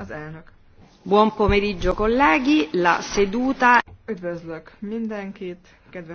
Az elnök. Buon pomeriggio, colleghi, la seduta. Üdvözlök mindenkit, kedves